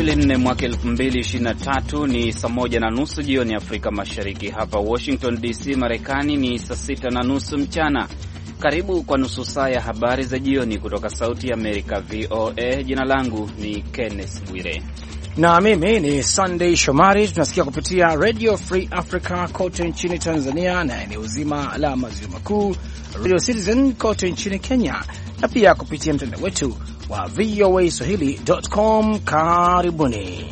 Aprili 4 mwaka 2023 ni saa moja na nusu jioni Afrika Mashariki. Hapa Washington DC, Marekani ni saa sita na nusu mchana. Karibu kwa nusu saa ya habari za jioni kutoka Sauti ya Amerika, VOA. Jina langu ni Kenneth Bwire na mimi ni Sunday Shomari. Tunasikia kupitia Radio Free Africa kote nchini Tanzania na eneo zima la maziwa makuu Radio Citizen kote nchini Kenya na pia kupitia mtandao wetu wa VOA Swahili.com. Karibuni.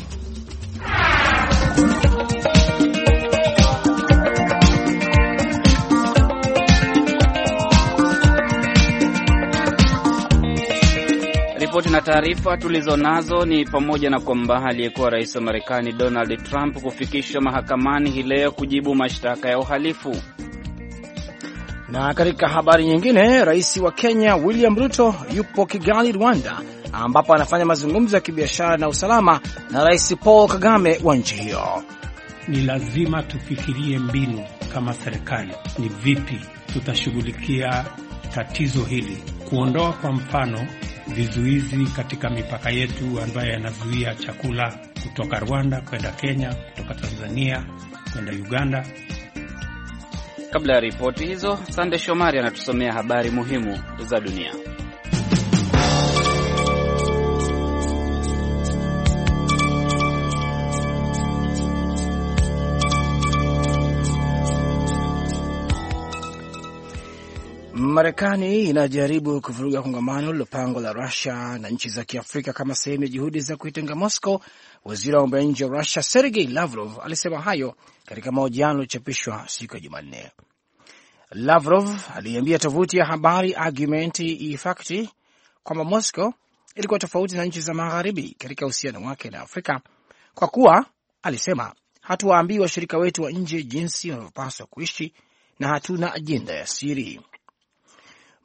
Ripoti na taarifa tulizonazo ni pamoja na kwamba aliyekuwa rais wa Marekani Donald Trump kufikishwa mahakamani hii leo kujibu mashtaka ya uhalifu na katika habari nyingine, rais wa Kenya William Ruto yupo Kigali, Rwanda, ambapo anafanya mazungumzo ya kibiashara na usalama na rais Paul Kagame wa nchi hiyo. Ni lazima tufikirie mbinu kama serikali, ni vipi tutashughulikia tatizo hili, kuondoa kwa mfano vizuizi katika mipaka yetu ambayo yanazuia chakula kutoka Rwanda kwenda Kenya, kutoka Tanzania kwenda Uganda. Kabla ya ripoti hizo, Sande Shomari anatusomea habari muhimu za dunia. Marekani inajaribu kuvuruga kongamano lilopangwa la Rusia na nchi za Kiafrika kama sehemu ya juhudi za kuitenga Moscow. Waziri wa mambo ya nje wa Rusia Sergei Lavrov alisema hayo katika mahojiano yaliyochapishwa siku ya Jumanne. Lavrov aliiambia tovuti ya habari Argumenti Ifakti kwamba Moscow ilikuwa tofauti na nchi za magharibi katika uhusiano wake na Afrika kwa kuwa, alisema, hatuwaambii washirika wetu wa nje jinsi wanavyopaswa kuishi na hatuna ajenda ya siri.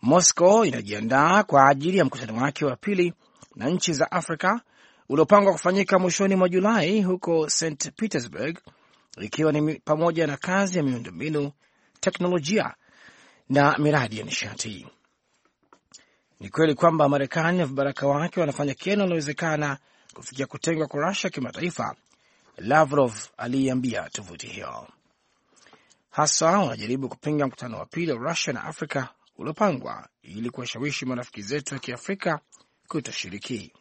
Moscow inajiandaa kwa ajili ya mkutano wake wa pili na nchi za Afrika uliopangwa kufanyika mwishoni mwa Julai huko St Petersburg, ikiwa ni pamoja na kazi ya miundombinu, teknolojia na miradi ya nishati. Ni kweli kwamba Marekani na vibaraka wake wanafanya kila linalowezekana kufikia kutengwa kwa Rusia kimataifa, Lavrov aliiambia tovuti hiyo. Hasa wanajaribu kupinga mkutano wa pili wa Rusia na Afrika uliopangwa ili kuwashawishi marafiki zetu ya kiafrika kutoshiriki.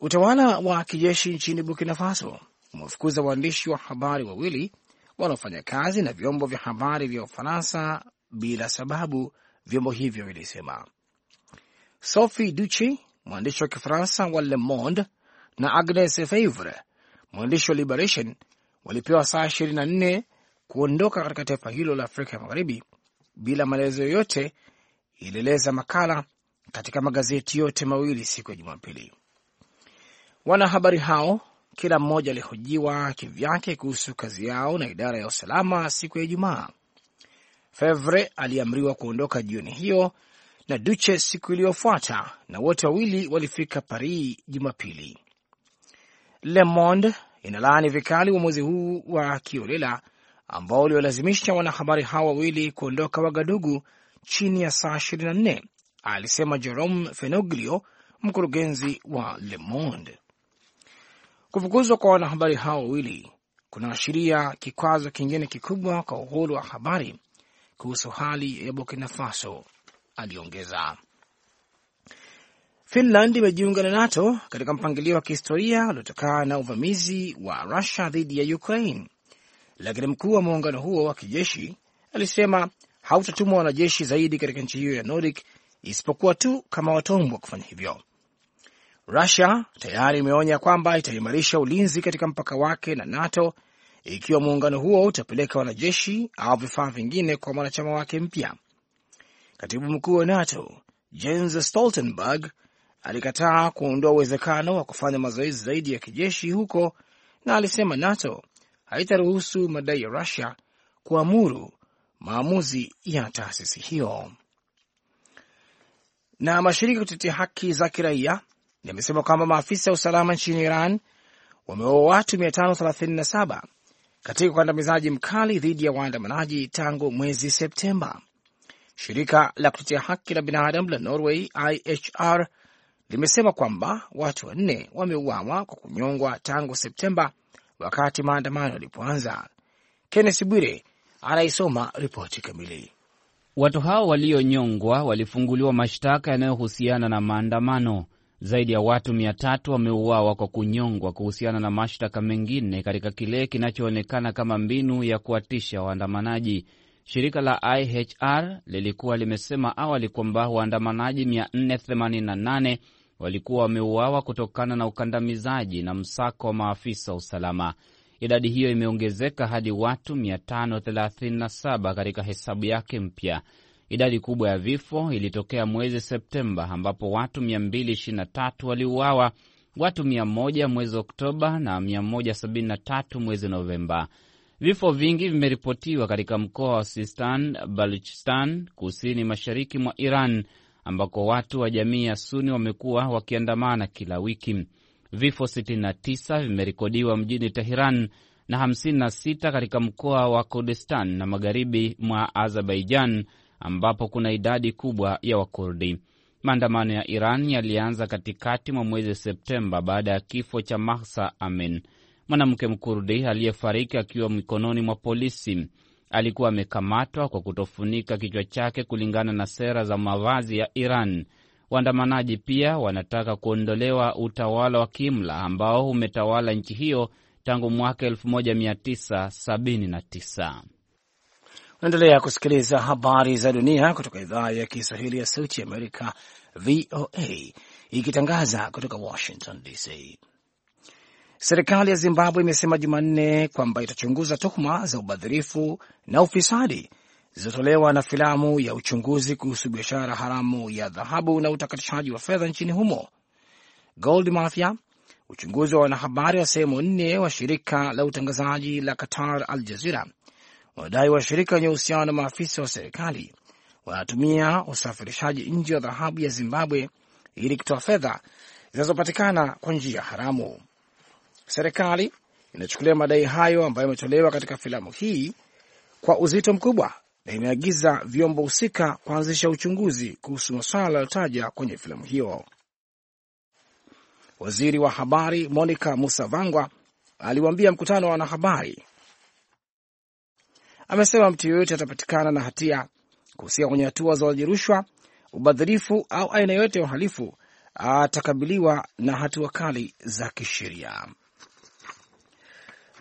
Utawala wa kijeshi nchini Burkina Faso umewafukuza waandishi wa habari wawili wanaofanya kazi na vyombo vya habari vya Ufaransa bila sababu, vyombo hivyo vilisema. Sophie Duchi, mwandishi wa Kifaransa wa Le Monde, na Agnes Favre, mwandishi wa Liberation, walipewa saa 24 kuondoka katika taifa hilo la Afrika ya Magharibi bila maelezo yoyote, ilieleza makala katika magazeti yote mawili siku ya Jumapili. Wanahabari hao kila mmoja alihojiwa kivyake kuhusu kazi yao na idara ya usalama siku ya Ijumaa. Fevre aliamriwa kuondoka jioni hiyo na Duche siku iliyofuata, na wote wawili walifika Paris Jumapili. Le Monde inalaani vikali uamuzi huu wa kiolela ambao uliolazimisha wanahabari hawa wawili kuondoka Wagadugu chini ya saa 24, alisema Jerome Fenoglio, mkurugenzi wa Le Monde. Kufukuzwa kwa wanahabari hawa wawili kunaashiria kikwazo kingine kikubwa kwa uhuru wa habari kuhusu hali ya Burkina Faso, aliongeza. Finland imejiunga na NATO katika mpangilio wa kihistoria uliotokana na uvamizi wa Rusia dhidi ya Ukraine lakini mkuu wa muungano huo wa kijeshi alisema hautatumwa wanajeshi zaidi katika nchi hiyo ya Nordic isipokuwa tu kama wataombwa kufanya hivyo. Rusia tayari imeonya kwamba itaimarisha ulinzi katika mpaka wake na NATO ikiwa muungano huo utapeleka wanajeshi au vifaa vingine kwa mwanachama wake mpya. Katibu mkuu wa NATO Jens Stoltenberg alikataa kuondoa uwezekano wa kufanya mazoezi zaidi ya kijeshi huko, na alisema NATO haitaruhusu madai ya Rusia kuamuru maamuzi ya taasisi hiyo. Na mashirika ya kutetea haki za kiraia yamesema kwamba maafisa ya usalama nchini Iran wameua watu 537 katika ukandamizaji mkali dhidi ya waandamanaji tangu mwezi Septemba. Shirika la kutetea haki la binadamu la Norway IHR limesema kwamba watu wanne wameuawa kwa kunyongwa tangu Septemba wakati maandamano yalipoanza. Kennes Bwire anaisoma ripoti kamili. Watu hao walionyongwa walifunguliwa mashtaka yanayohusiana na maandamano. Zaidi ya watu mia tatu wameuawa kwa kunyongwa kuhusiana na mashtaka mengine katika kile kinachoonekana kama mbinu ya kuwatisha waandamanaji. Shirika la IHR lilikuwa limesema awali kwamba waandamanaji 488 walikuwa wameuawa kutokana na ukandamizaji na msako wa maafisa wa usalama. Idadi hiyo imeongezeka hadi watu 537 katika hesabu yake mpya. Idadi kubwa ya vifo ilitokea mwezi Septemba ambapo watu 223 waliuawa, watu 100 mwezi Oktoba na 173 mwezi Novemba. Vifo vingi vimeripotiwa katika mkoa wa Sistan Baluchistan, kusini mashariki mwa Iran ambako watu wa jamii ya Suni wamekuwa wakiandamana kila wiki. Vifo 69 vimerekodiwa mjini Teheran na 56 katika mkoa wa Kurdistan na magharibi mwa Azerbaijan, ambapo kuna idadi kubwa ya Wakurdi. Maandamano ya Iran yalianza katikati mwa mwezi Septemba baada ya kifo cha Mahsa Amin, mwanamke Mkurdi aliyefariki akiwa mikononi mwa polisi alikuwa amekamatwa kwa kutofunika kichwa chake kulingana na sera za mavazi ya Iran. Waandamanaji pia wanataka kuondolewa utawala wa kimla ambao umetawala nchi hiyo tangu mwaka 1979. Unaendelea kusikiliza habari za dunia kutoka idhaa ya Kiswahili ya Sauti ya Amerika, VOA, ikitangaza kutoka Washington DC. Serikali ya Zimbabwe imesema Jumanne kwamba itachunguza tuhuma za ubadhirifu na ufisadi zilizotolewa na filamu ya uchunguzi kuhusu biashara haramu ya dhahabu na utakatishaji wa fedha nchini humo Gold Mafia. Uchunguzi wa wanahabari wa sehemu nne wa shirika la utangazaji la Qatar Al Jazira wanadai washirika wenye uhusiano na maafisa wa serikali wanatumia usafirishaji nje wa dhahabu ya Zimbabwe ili kutoa fedha zinazopatikana kwa njia haramu. Serikali inachukulia madai hayo ambayo yametolewa katika filamu hii kwa uzito mkubwa na imeagiza vyombo husika kuanzisha uchunguzi kuhusu masuala yaliyotaja kwenye filamu hiyo. Waziri wa habari Monica Musavangwa aliwaambia mkutano wa wanahabari, amesema mtu yeyote atapatikana na hatia kuhusika kwenye hatua za ulaji rushwa, ubadhirifu au aina yoyote ya uhalifu atakabiliwa na hatua kali za kisheria.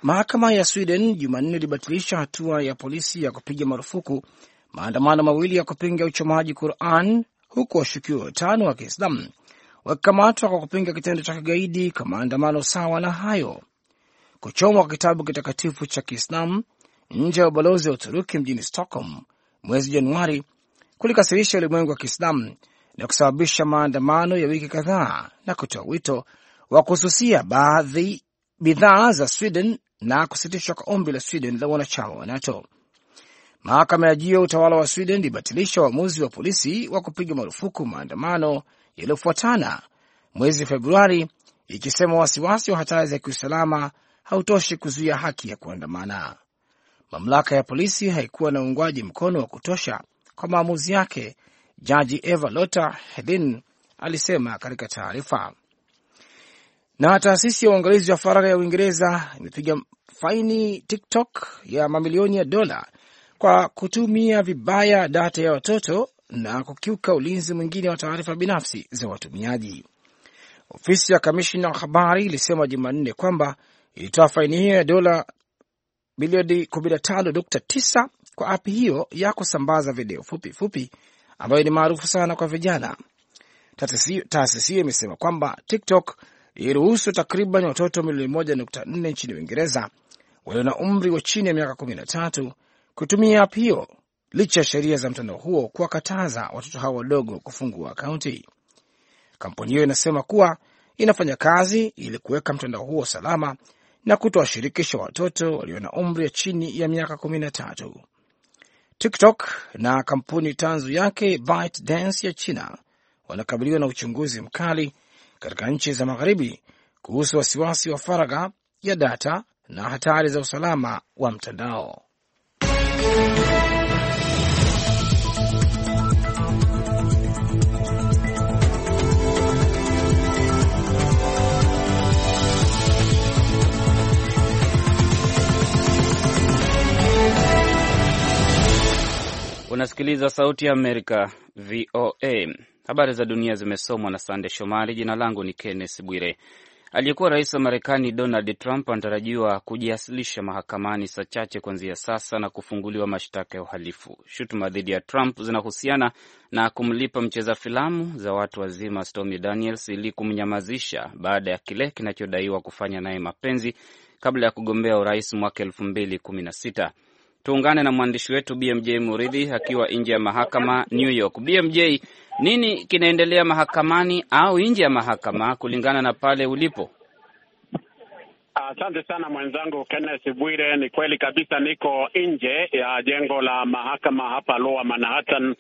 Mahakama ya Sweden Jumanne ilibatilisha hatua ya polisi ya kupiga marufuku maandamano mawili ya kupinga uchomaji Quran, huku washukiwa watano wa Kiislamu wakikamatwa kwa kupinga kitendo cha kigaidi kwa maandamano sawa na hayo. Kuchomwa kwa kitabu kitakatifu cha Kiislamu nje ya ubalozi wa Uturuki mjini Stockholm mwezi Januari kulikasirisha ulimwengu wa Kiislamu na kusababisha maandamano ya wiki kadhaa na kutoa wito wa kususia baadhi bidhaa za Sweden na kusitishwa kwa ombi la Sweden la wanachama wa NATO. Mahakama ya juu ya utawala wa Sweden ilibatilisha uamuzi wa polisi wa kupiga marufuku maandamano yaliyofuatana mwezi Februari, ikisema wasiwasi wa hatari za kiusalama hautoshi kuzuia haki ya kuandamana. Mamlaka ya polisi haikuwa na uungwaji mkono wa kutosha kwa maamuzi yake, Jaji Eva Lota Hedin alisema katika taarifa. Na taasisi ya uangalizi wa faragha ya Uingereza imepiga faini TikTok ya mamilioni ya dola kwa kutumia vibaya data ya watoto na kukiuka ulinzi mwingine wa taarifa binafsi za watumiaji. Ofisi ya kamishna wa habari ilisema Jumanne kwamba ilitoa faini hiyo ya dola bilioni 15.9 kwa api hiyo ya kusambaza video fupi fupi ambayo ni maarufu sana kwa vijana. Taasisi hiyo imesema kwamba TikTok iliruhusu takriban watoto milioni moja nukta nne nchini Uingereza walio na umri wa chini ya miaka kumi na tatu kutumia app hiyo licha ya sheria za mtandao huo kuwakataza watoto hao wadogo kufungua akaunti. Kampuni hiyo inasema kuwa inafanya kazi ili kuweka mtandao huo salama na kutowashirikisha watoto walio na umri ya chini ya miaka kumi na tatu. TikTok na kampuni tanzu yake ByteDance ya China wanakabiliwa na uchunguzi mkali katika nchi za magharibi kuhusu wasiwasi wa faragha ya data na hatari za usalama wa mtandao. Unasikiliza Sauti ya Amerika, VOA. Habari za dunia zimesomwa na Sande Shomari. Jina langu ni Kenneth Bwire. Aliyekuwa rais wa Marekani Donald Trump anatarajiwa kujiasilisha mahakamani saa chache kuanzia sasa na kufunguliwa mashtaka ya uhalifu. Shutuma dhidi ya Trump zinahusiana na kumlipa mcheza filamu za watu wazima Stormy Daniels ili kumnyamazisha baada ya kile kinachodaiwa kufanya naye mapenzi kabla ya kugombea urais mwaka elfu mbili kumi na sita. Tuungane na mwandishi wetu BMJ Muridhi akiwa nje ya mahakama New York. BMJ, nini kinaendelea mahakamani au nje ya mahakama kulingana na pale ulipo? Asante sana mwenzangu Kenneth Bwire. Ni kweli kabisa, niko nje ya jengo la mahakama hapa Lower Manhattan,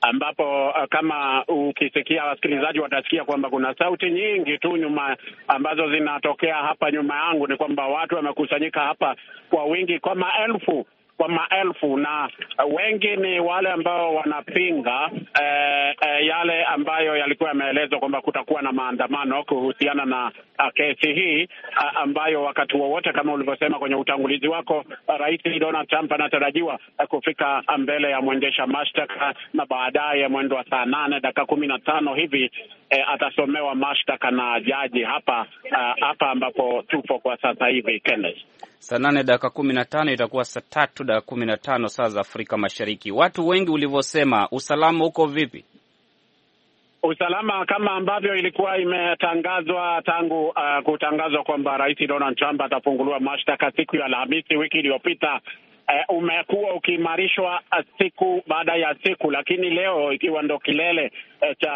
ambapo uh, kama ukisikia, wasikilizaji watasikia kwamba kuna sauti nyingi tu nyuma ambazo zinatokea hapa nyuma yangu, ni kwamba watu wamekusanyika hapa kwa wingi kwa maelfu kwa maelfu, na wengi ni wale ambao wanapinga eh, eh, yale ambayo yalikuwa yameelezwa kwamba kutakuwa na maandamano kuhusiana na uh, kesi hii uh, ambayo wakati wowote kama ulivyosema kwenye utangulizi wako, Rais Donald Trump anatarajiwa uh, kufika mbele ya mwendesha mashtaka na baadaye mwendo wa saa nane dakika kumi na tano hivi eh, atasomewa mashtaka na jaji hapa uh, hapa ambapo tupo kwa sasa hivi Kenneth. Saa nane dakika kumi na tano itakuwa saa tatu baada ya kumi na tano saa za Afrika Mashariki. Watu wengi ulivyosema, usalama uko vipi? Usalama kama ambavyo ilikuwa imetangazwa tangu uh, kutangazwa kwamba Rais Donald Trump atafunguliwa mashtaka siku ya Alhamisi wiki iliyopita uh, umekuwa ukiimarishwa eh, siku baada ya siku, lakini leo ikiwa ndo kilele eh, cha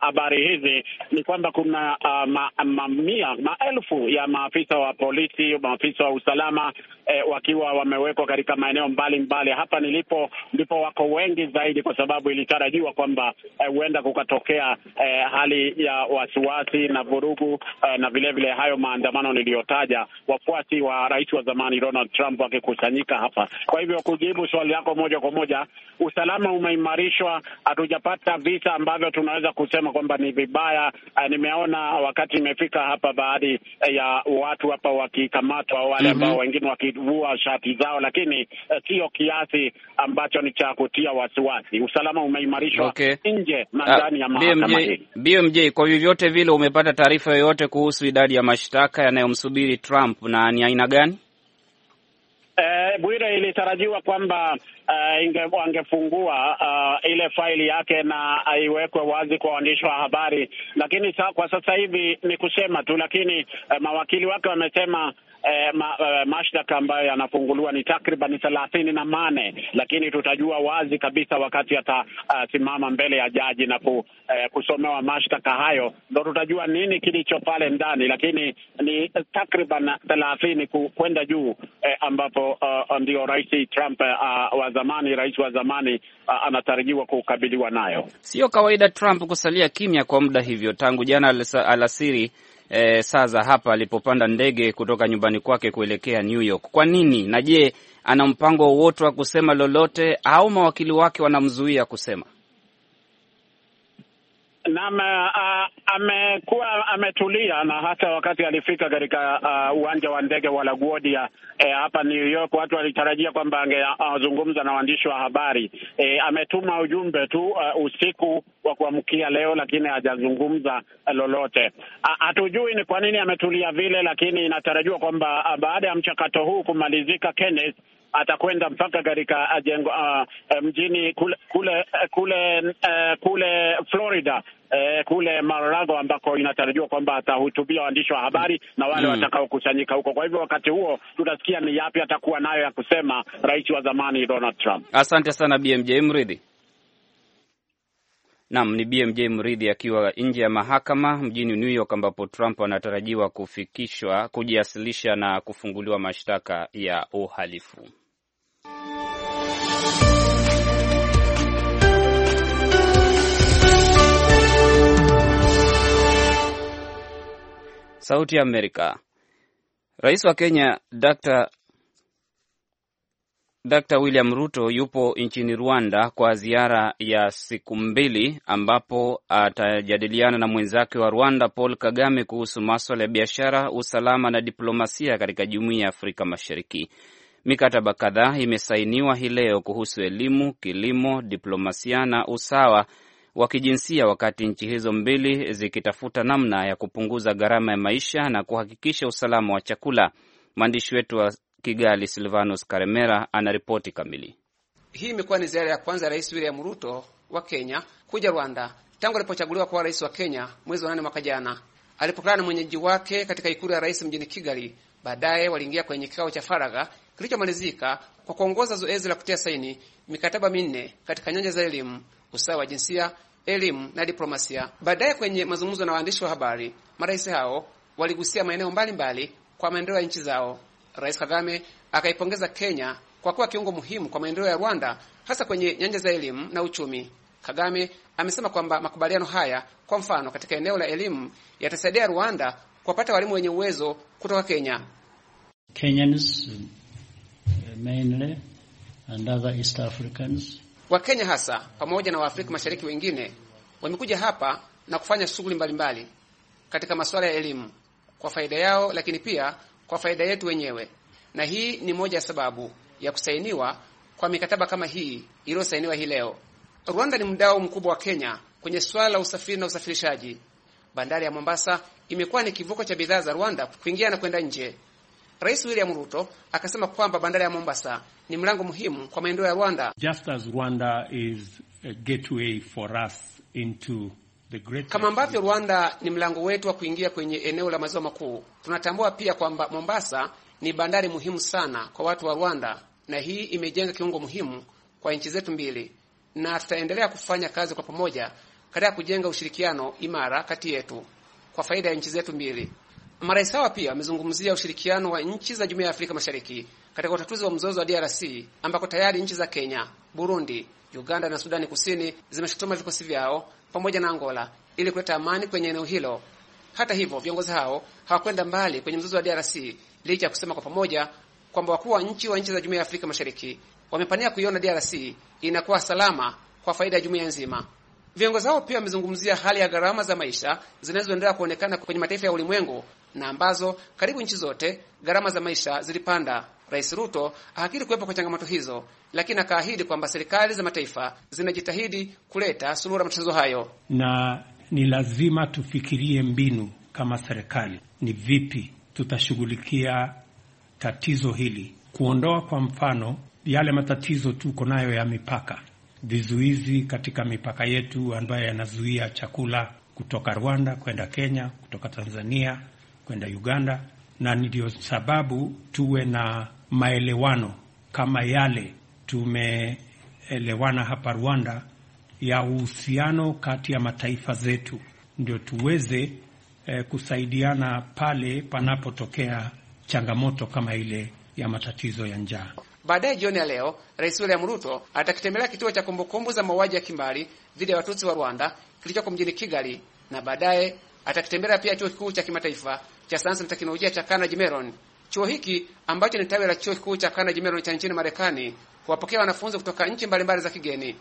habari hizi ni kwamba kuna uh, ma, mamia maelfu ya maafisa wa polisi, maafisa wa usalama eh, wakiwa wamewekwa katika maeneo mbalimbali. Hapa nilipo ndipo wako wengi zaidi, kwa sababu ilitarajiwa kwamba huenda eh, kukatokea eh, hali ya wasiwasi na vurugu eh, na vilevile hayo maandamano niliyotaja, wafuasi wa rais wa zamani Donald Trump wakikusanyika hapa kwa hivyo kujibu swali lako moja kwa moja, usalama umeimarishwa, hatujapata visa ambavyo tunaweza kusema kwamba ni vibaya. Eh, nimeona wakati imefika hapa, baadhi eh, ya watu hapa wakikamatwa, wale ambao mm -hmm. wengine wakivua shati zao, lakini eh, sio kiasi ambacho ni cha kutia wasiwasi. Usalama umeimarishwa okay. nje na ah, ndani ya mahakama hii. BMJ, kwa vyovyote vile, umepata taarifa yoyote kuhusu idadi ya mashtaka yanayomsubiri Trump na ni aina gani? Bwire, ilitarajiwa kwamba uh, eh, angefungua uh, eh, ile faili yake na aiwekwe wazi kwa waandishi wa habari, lakini sa, kwa sasa hivi ni kusema tu, lakini uh, mawakili wake wamesema eh, ma, eh, mashtaka ambayo yanafunguliwa ni takriban thelathini na mane lakini tutajua wazi kabisa wakati atasimama uh, mbele ya jaji na ku, eh, kusomewa mashtaka hayo, ndo tutajua nini kilicho pale ndani, lakini ni takriban thelathini kwenda juu eh, ambapo uh, ndio rais Trump uh, wa zamani, rais wa zamani uh, anatarajiwa kukabiliwa nayo. Sio kawaida Trump kusalia kimya kwa muda hivyo tangu jana alasiri e, saa za hapa alipopanda ndege kutoka nyumbani kwake kuelekea New York. Kwa nini? Na je, ana mpango wowote wa kusema lolote au mawakili wake wanamzuia kusema? Naam, amekuwa ametulia na hata wakati alifika katika uwanja wa ndege wa LaGuardia e, hapa eh, New York, watu walitarajia kwamba angezungumza na waandishi wa habari e, ametuma ujumbe tu a, usiku wa kuamkia leo, lakini hajazungumza lolote. Hatujui ni kwa nini ametulia vile, lakini inatarajiwa kwamba baada ya mchakato huu kumalizika, Kenneth atakwenda mpaka katika jengo uh, mjini kule kule kule, uh, kule Florida eh, kule Mar-a-Lago ambako inatarajiwa kwamba atahutubia waandishi wa habari na wale mm, watakaokusanyika huko. Kwa hivyo wakati huo tutasikia ni yapi atakuwa nayo ya kusema rais wa zamani Donald Trump. Asante sana BMJ Mridhi. Nam ni BMJ Mridhi akiwa nje ya mahakama mjini New York ambapo Trump anatarajiwa kufikishwa kujiasilisha na kufunguliwa mashtaka ya uhalifu. Sauti ya Amerika. Rais wa Kenya Dr. Dr. William Ruto yupo nchini Rwanda kwa ziara ya siku mbili ambapo atajadiliana na mwenzake wa Rwanda Paul Kagame kuhusu maswala ya biashara, usalama na diplomasia katika Jumuiya ya Afrika Mashariki. Mikataba kadhaa imesainiwa hii leo kuhusu elimu, kilimo, diplomasia na usawa wa kijinsia, wakati nchi hizo mbili zikitafuta namna ya kupunguza gharama ya maisha na kuhakikisha usalama wa chakula. Mwandishi wetu wa Kigali, Silvanus Karemera, ripoti kamili. Hii imekuwa ni ziara ya kwanza ya Rais William Ruto wa Kenya kuja Rwanda tangu alipochaguliwa kuwa rais wa Kenya mwezi wa nane mwaka jana. Alipokutana na mwenyeji wake katika ikulu ya rais mjini Kigali. Baadaye waliingia kwenye kikao cha faragha kilichomalizika kwa kuongoza zoezi la kutia saini mikataba minne katika nyanja za elimu, usawa wa jinsia, elimu na diplomasia. Baadaye kwenye mazungumzo na waandishi wa habari, marais hao waligusia maeneo mbalimbali kwa maendeleo ya nchi zao. Rais Kagame akaipongeza Kenya kwa kuwa kiungo muhimu kwa maendeleo ya Rwanda, hasa kwenye nyanja za elimu na uchumi. Kagame amesema kwamba makubaliano haya, kwa mfano, katika eneo la elimu yatasaidia Rwanda kuwapata walimu wenye uwezo kutoka Kenya. Kenyans mainly and other East Africans Wakenya hasa pamoja na Waafrika Mashariki wengine wamekuja hapa na kufanya shughuli mbalimbali katika masuala ya elimu kwa faida yao, lakini pia kwa faida yetu wenyewe, na hii ni moja ya sababu ya kusainiwa kwa mikataba kama hii iliyosainiwa hii leo. Rwanda ni mdau mkubwa wa Kenya kwenye swala la usafiri na usafirishaji. Bandari ya Mombasa imekuwa ni kivuko cha bidhaa za Rwanda kuingia na kwenda nje, Rais William Ruto akasema kwamba bandari ya Mombasa ni mlango muhimu kwa maendeleo ya Rwanda. Just as Rwanda is a gateway for us into the great... kama ambavyo Rwanda ni mlango wetu wa kuingia kwenye eneo la maziwa makuu, tunatambua pia kwamba Mombasa ni bandari muhimu sana kwa watu wa Rwanda, na hii imejenga kiungo muhimu kwa nchi zetu mbili, na tutaendelea kufanya kazi kwa pamoja katika kujenga ushirikiano imara kati yetu kwa faida ya nchi zetu mbili. Marais hawa pia wamezungumzia ushirikiano wa nchi za Jumuiya ya Afrika Mashariki katika utatuzi wa mzozo wa DRC ambako tayari nchi za Kenya, Burundi, Uganda na Sudani Kusini zimeshutuma vikosi vyao pamoja na Angola ili kuleta amani kwenye eneo hilo. Hata hivyo, viongozi hao hawakwenda mbali kwenye mzozo wa DRC licha ya kusema kwa pamoja kwamba wakuu wa nchi wa nchi za Jumuiya ya Afrika Mashariki wamepania kuiona DRC inakuwa salama kwa faida ya jumuiya nzima. Viongozi hao pia wamezungumzia hali ya gharama za maisha zinazoendelea kuonekana kwenye mataifa ya ulimwengu na ambazo karibu nchi zote gharama za maisha zilipanda. Rais Ruto ahakiri kuwepo kwa changamoto hizo, lakini akaahidi kwamba serikali za mataifa zinajitahidi kuleta suluhu la matatizo hayo, na ni lazima tufikirie mbinu kama serikali, ni vipi tutashughulikia tatizo hili, kuondoa kwa mfano yale matatizo tuko nayo ya mipaka, vizuizi katika mipaka yetu ambayo yanazuia chakula kutoka Rwanda kwenda Kenya, kutoka Tanzania kwenda Uganda, na ndio sababu tuwe na maelewano kama yale tumeelewana hapa Rwanda ya uhusiano kati ya mataifa zetu, ndio tuweze eh, kusaidiana pale panapotokea changamoto kama ile ya matatizo ya njaa. Baadaye jioni ya leo, Rais William Ruto atakitembelea kituo cha kumbukumbu za mauaji ya kimbari dhidi ya Watutsi wa Rwanda kilichoko mjini Kigali, na baadaye atakitembelea pia chuo kikuu cha kimataifa cha sayansi na teknolojia cha Carnegie Mellon. Chuo hiki ambacho ni tawi la chuo kikuu cha Carnegie Mellon cha nchini Marekani kuwapokea wanafunzi kutoka nchi mbalimbali za kigeni.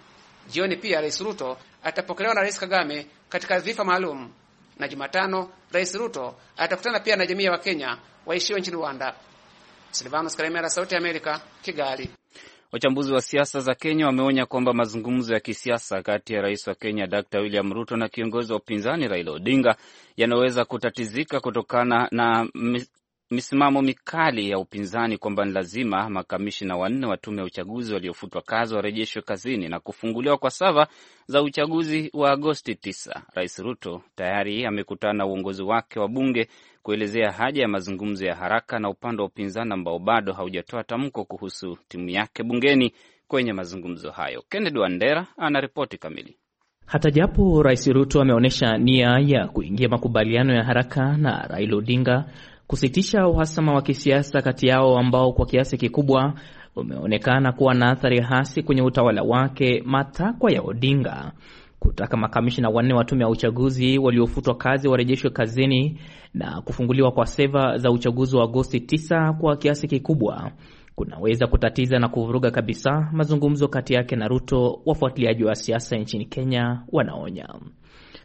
Jioni pia Rais Ruto atapokelewa na Rais Kagame katika dhifa maalum, na Jumatano Rais Ruto atakutana pia na jamii ya Wakenya waishiwe nchini Rwanda. Silvanus Kalemera, Sauti ya Amerika, Kigali. Wachambuzi wa siasa za Kenya wameonya kwamba mazungumzo ya kisiasa kati ya rais wa Kenya Dr William Ruto na kiongozi wa upinzani Raila Odinga yanaweza kutatizika kutokana na misimamo mikali ya upinzani kwamba ni lazima makamishina wanne wa tume ya uchaguzi waliofutwa kazi warejeshwe kazini na kufunguliwa kwa sava za uchaguzi wa Agosti 9. Rais Ruto tayari amekutana na uongozi wake wa bunge kuelezea haja ya mazungumzo ya haraka na upande wa upinzani ambao bado haujatoa tamko kuhusu timu yake bungeni kwenye mazungumzo hayo. Kennedy Wandera anaripoti kamili. Hata japo Rais Ruto ameonyesha nia ya kuingia makubaliano ya haraka na Raila Odinga kusitisha uhasama wa kisiasa kati yao ambao kwa kiasi kikubwa umeonekana kuwa na athari hasi kwenye utawala wake. Matakwa ya Odinga kutaka makamishina wanne wa tume ya uchaguzi waliofutwa kazi warejeshwe kazini na kufunguliwa kwa seva za uchaguzi wa Agosti 9 kwa kiasi kikubwa kunaweza kutatiza na kuvuruga kabisa mazungumzo kati yake na Ruto, wafuatiliaji wa siasa nchini Kenya wanaonya.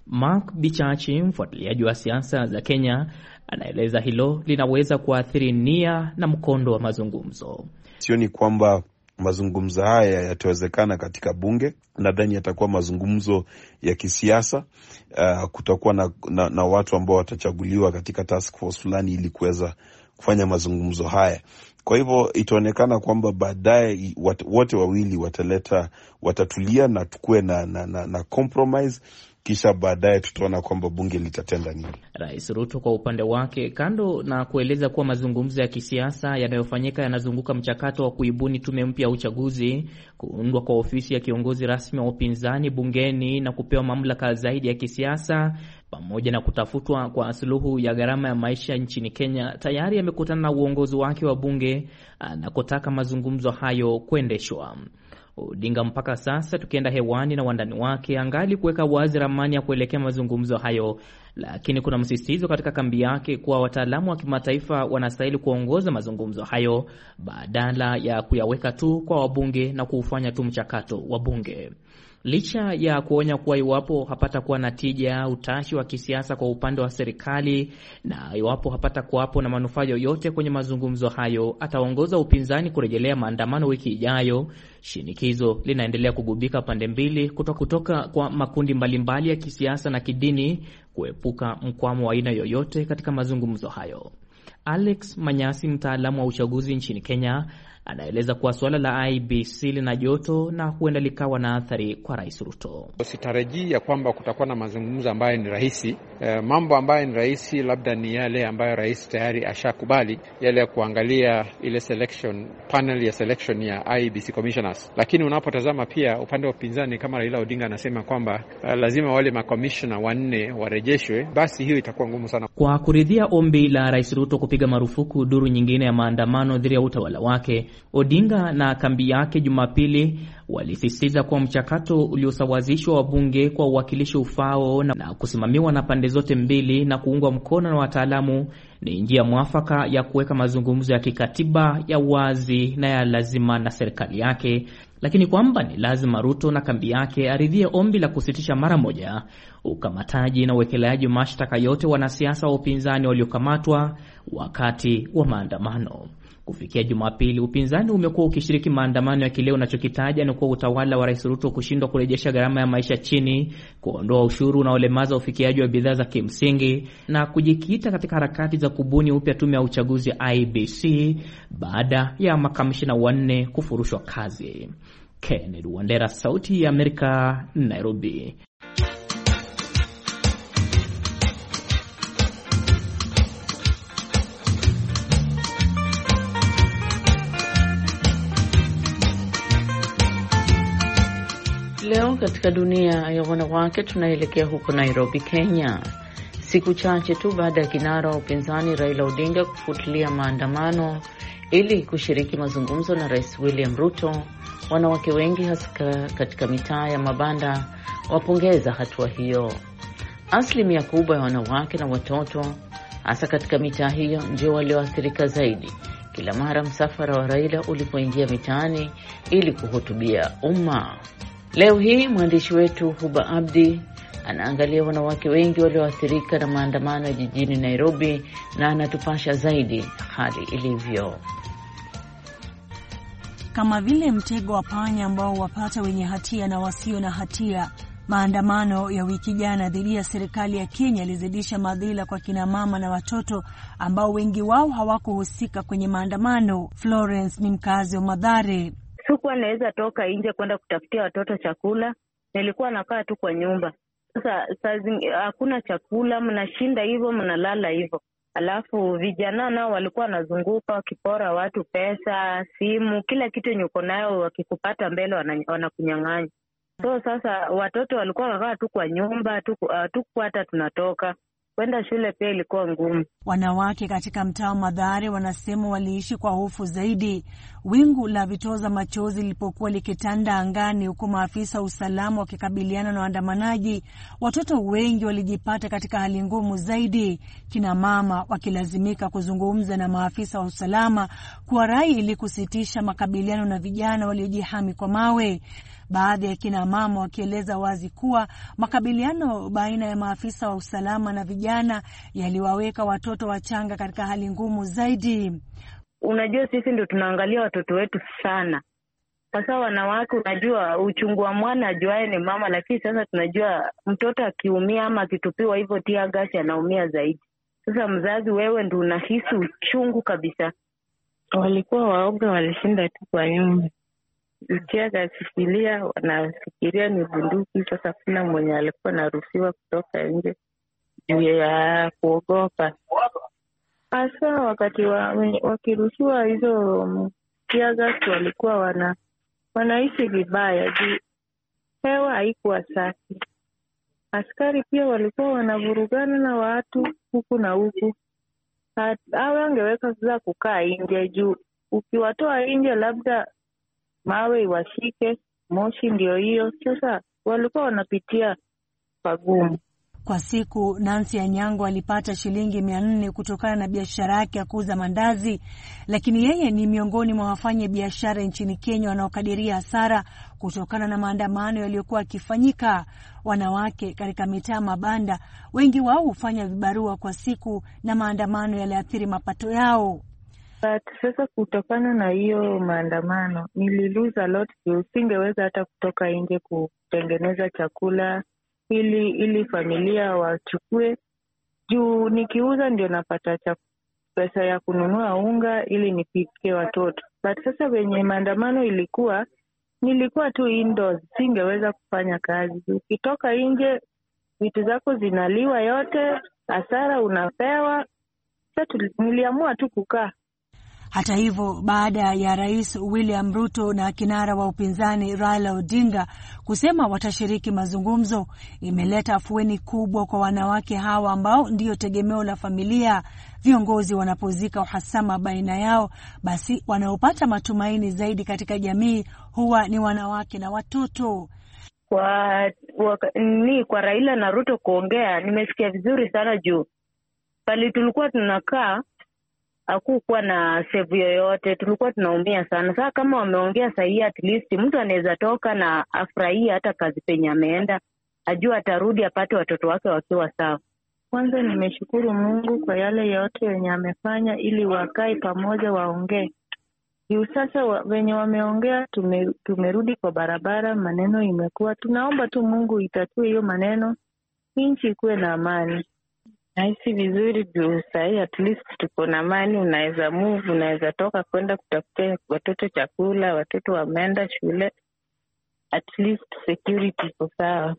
Mark Bichachi, mfuatiliaji wa siasa za Kenya, Anaeleza hilo linaweza kuathiri nia na mkondo wa mazungumzo. Sioni kwamba mazungumzo haya yatawezekana katika bunge. Nadhani yatakuwa mazungumzo ya kisiasa. Uh, kutakuwa na, na, na watu ambao watachaguliwa katika task force fulani ili kuweza kufanya mazungumzo haya. Kwa hivyo itaonekana kwamba baadaye wote wawili wataleta watatulia na tukuwe na, na, na, na compromise kisha baadaye tutaona kwamba bunge litatenda nini. Rais Ruto kwa upande wake, kando na kueleza kuwa mazungumzo ya kisiasa yanayofanyika yanazunguka mchakato wa kuibuni tume mpya ya uchaguzi, kuundwa kwa ofisi ya kiongozi rasmi wa upinzani bungeni na kupewa mamlaka zaidi ya kisiasa pamoja na kutafutwa kwa suluhu ya gharama ya maisha nchini Kenya, tayari amekutana na uongozi wake wa bunge anakotaka mazungumzo hayo kuendeshwa. Odinga mpaka sasa tukienda hewani na wandani wake angali kuweka wazi ramani ya kuelekea mazungumzo hayo, lakini kuna msisitizo katika kambi yake kuwa wataalamu wa kimataifa wanastahili kuongoza mazungumzo hayo badala ya kuyaweka tu kwa wabunge na kuufanya tu mchakato wa bunge. Licha ya kuonya kuwa iwapo hapata kuwa na tija, utashi wa kisiasa kwa upande wa serikali, na iwapo hapata kuwapo na manufaa yoyote kwenye mazungumzo hayo, ataongoza upinzani kurejelea maandamano wiki ijayo. Shinikizo linaendelea kugubika pande mbili kutoka, kutoka kwa makundi mbalimbali ya kisiasa na kidini kuepuka mkwamo wa aina yoyote katika mazungumzo hayo. Alex Manyasi, mtaalamu wa uchaguzi nchini Kenya, anaeleza kuwa suala la IBC lina joto na huenda likawa na athari kwa Rais Ruto. Sitarajii ya kwamba kutakuwa na mazungumzo ambayo ni rahisi. E, mambo ambayo ni rahisi labda ni yale ambayo rais tayari ashakubali, yale ya kuangalia ile selection panel ya selection ya IBC commissioners. Lakini unapotazama pia upande wa upinzani kama Raila Odinga anasema kwamba eh, lazima wale makomishona wanne warejeshwe, basi hiyo itakuwa ngumu sana. Kwa kuridhia ombi la Rais Ruto kupiga marufuku duru nyingine ya maandamano dhidi ya utawala wake Odinga na kambi yake Jumapili walisisitiza kuwa mchakato uliosawazishwa wa bunge kwa uwakilishi ufao na kusimamiwa na pande zote mbili na kuungwa mkono na wataalamu ni njia mwafaka ya kuweka mazungumzo ya kikatiba ya wazi na ya lazima na serikali yake, lakini kwamba ni lazima Ruto na kambi yake aridhie ombi la kusitisha mara moja ukamataji na uwekeleaji mashtaka yote wanasiasa wa upinzani waliokamatwa wakati wa maandamano. Kufikia Jumapili, upinzani umekuwa ukishiriki maandamano ya kile unachokitaja ni kuwa utawala wa Rais Ruto kushindwa kurejesha gharama ya maisha chini, kuondoa ushuru unaolemaza ufikiaji wa bidhaa za kimsingi na kujikita katika harakati za kubuni upya tume ya uchaguzi IBC baada ya makamishina wanne kufurushwa kazi. Kennedy Wandera, Sauti ya Amerika, Nairobi. katika dunia ya wanawake, tunaelekea huko Nairobi, Kenya, siku chache tu baada ya kinara wa upinzani Raila Odinga kufutilia maandamano ili kushiriki mazungumzo na Rais William Ruto. Wanawake wengi hasa katika mitaa ya mabanda wapongeza hatua hiyo. Asilimia kubwa ya wanawake na watoto hasa katika mitaa hiyo ndio walioathirika zaidi kila mara msafara wa Raila ulipoingia mitaani ili kuhutubia umma. Leo hii mwandishi wetu Huba Abdi anaangalia wanawake wengi walioathirika na maandamano ya jijini Nairobi na anatupasha zaidi hali ilivyo. Kama vile mtego wa panya ambao wapata wenye hatia na wasio na hatia, maandamano ya wiki jana dhidi ya serikali ya Kenya yalizidisha madhila kwa kina mama na watoto ambao wengi wao hawakuhusika kwenye maandamano. Florence ni mkazi wa Madhare sikuwa naweza toka nje kwenda kutafutia watoto chakula, nilikuwa nakaa tu kwa nyumba. Sasa hakuna chakula, mnashinda hivyo, mnalala hivyo. Alafu vijana nao walikuwa wanazunguka wakipora watu pesa, simu, kila kitu yenye uko nayo, wakikupata mbele wanakunyang'anya. So sasa watoto walikuwa wakaa tu kwa nyumba, hatukuwa ah, hata tunatoka kwenda shule pia ilikuwa ngumu. Wanawake katika mtaa Madhare wanasema waliishi kwa hofu zaidi wingu la vitoza machozi lilipokuwa likitanda angani, huku maafisa wa usalama wakikabiliana na waandamanaji. Watoto wengi walijipata katika hali ngumu zaidi, kina mama wakilazimika kuzungumza na maafisa wa usalama rai ili kusitisha makabiliano na vijana waliojihami kwa mawe baadhi ya kina mama wakieleza wazi kuwa makabiliano baina ya maafisa wa usalama na vijana yaliwaweka watoto wachanga katika hali ngumu zaidi. Unajua, sisi ndio tunaangalia watoto wetu sana. Sasa wanawake, unajua uchungu wa mwana ajuaye ni mama, lakini sasa tunajua mtoto akiumia ama akitupiwa hivyo tia gasi anaumia zaidi. Sasa mzazi, wewe ndo unahisi uchungu kabisa. Walikuwa waoga, walishinda tu kwa nyumba ikiaga akifikiria wanafikiria ni bunduki. Sasa kuna mwenye alikuwa anaruhusiwa kutoka nje juu ya kuogopa hasa wakati wa, wakiruhusiwa hizo teargas walikuwa wana wanaishi vibaya juu hewa haikuwa safi. Askari pia walikuwa wanavurugana na watu huku na huku. awe angeweza sasa kukaa nje juu ukiwatoa nje labda mawe iwashike, moshi ndio hiyo sasa, walikuwa wanapitia pagumu kwa siku. Nancy Anyango alipata shilingi mia nne kutokana na biashara yake ya kuuza mandazi, lakini yeye ni miongoni mwa wafanya biashara nchini Kenya wanaokadiria hasara kutokana na maandamano yaliyokuwa yakifanyika. Wanawake katika mitaa mabanda, wengi wao hufanya vibarua kwa siku, na maandamano yaliathiri mapato yao. But sasa kutokana na hiyo maandamano nililuza lot, usingeweza hata kutoka nje kutengeneza chakula ili ili familia wachukue juu, nikiuza ndio napata pesa ya kununua unga ili nipike watoto. But sasa wenye maandamano ilikuwa nilikuwa tu indoors, singeweza kufanya kazi. Ukitoka nje vitu zako zinaliwa yote, hasara unapewa. Sasa niliamua tu kukaa hata hivyo, baada ya Rais William Ruto na kinara wa upinzani Raila Odinga kusema watashiriki mazungumzo, imeleta afueni kubwa kwa wanawake hawa ambao ndio tegemeo la familia. Viongozi wanapozika uhasama baina yao, basi wanaopata matumaini zaidi katika jamii huwa ni wanawake na watoto. Kwa, wa, ni kwa Raila na Ruto kuongea, nimesikia vizuri sana juu pali tulikuwa tunakaa hakukuwa na sevu yoyote, tulikuwa tunaumia sana. Saa kama wameongea sahii, at least mtu anaweza toka na afurahia hata kazi penye ameenda, ajua atarudi apate watoto wake wakiwa sawa. Kwanza nimeshukuru Mungu kwa yale yote yenye amefanya, ili wakae pamoja waongee. juu. sasa wa, wenye wameongea, tume, tumerudi kwa barabara, maneno imekuwa, tunaomba tu Mungu itatue hiyo maneno, nchi ikuwe na amani. Nahisi vizuri juu sahii at least tuko na mani, unaweza move, unaweza toka kwenda kutafutia watoto chakula, watoto wameenda shule, at least security iko sawa.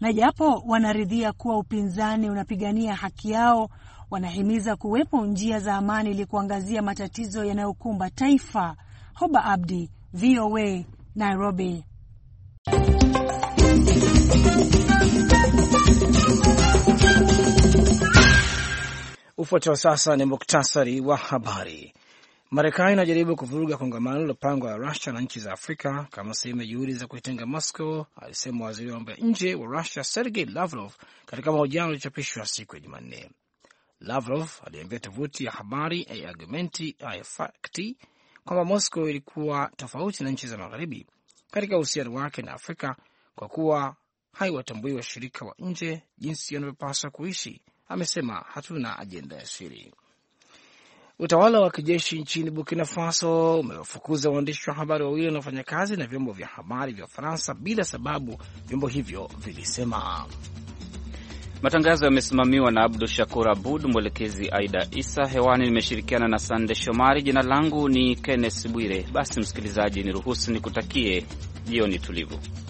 Na japo wanaridhia kuwa upinzani unapigania haki yao, wanahimiza kuwepo njia za amani ili kuangazia matatizo yanayokumba taifa. Hoba Abdi, VOA, Nairobi. Ufuatao sasa ni muktasari wa habari. Marekani inajaribu kuvuruga kongamano lilopangwa la Rusia na nchi za Afrika kama sehemu ya juhudi za kuitenga Moscow, alisema waziri wa mambo ya nje wa Rusia Sergei Lavrov katika mahojiano yaliyochapishwa siku ya Jumanne. Lavrov aliambia tovuti ya habari ya Argumenti Fakti kwamba Moscow ilikuwa tofauti na nchi za magharibi katika uhusiano wake na Afrika kwa kuwa haiwatambui washirika wa nje jinsi wanavyopaswa kuishi amesema hatuna ajenda ya siri. Utawala wa kijeshi nchini Burkina Faso umewafukuza waandishi wa habari wawili wanaofanya kazi na vyombo vya habari vya Ufaransa bila sababu, vyombo hivyo vilisema. Matangazo yamesimamiwa na Abdu Shakur Abud, mwelekezi Aida Isa. Hewani nimeshirikiana na Sande Shomari. Jina langu ni Kenneth Bwire. Basi msikilizaji, niruhusu nikutakie jioni tulivu.